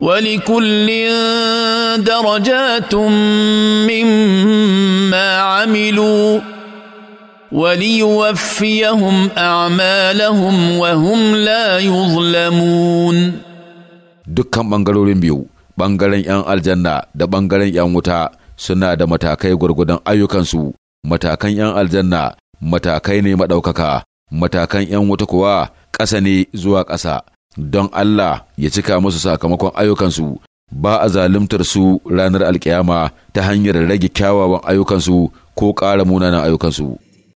ولكل درجات مما عملوا وليوفيهم اعمالهم وهم لا يظلمون dukkan ɓangarorin biyu ɓangaren 'yan aljanna da ɓangaren 'yan wuta suna da matakai gwargwadon ayyukansu matakan 'yan aljanna matakai ne maɗaukaka matakan 'yan wuta kuwa ƙasa ne zuwa ƙasa don Allah ya cika musu sakamakon ayyukansu ba a zaluntar su ranar alkiyama ta hanyar rage kyawawan ayyukansu ko ƙara munanan ayyukansu.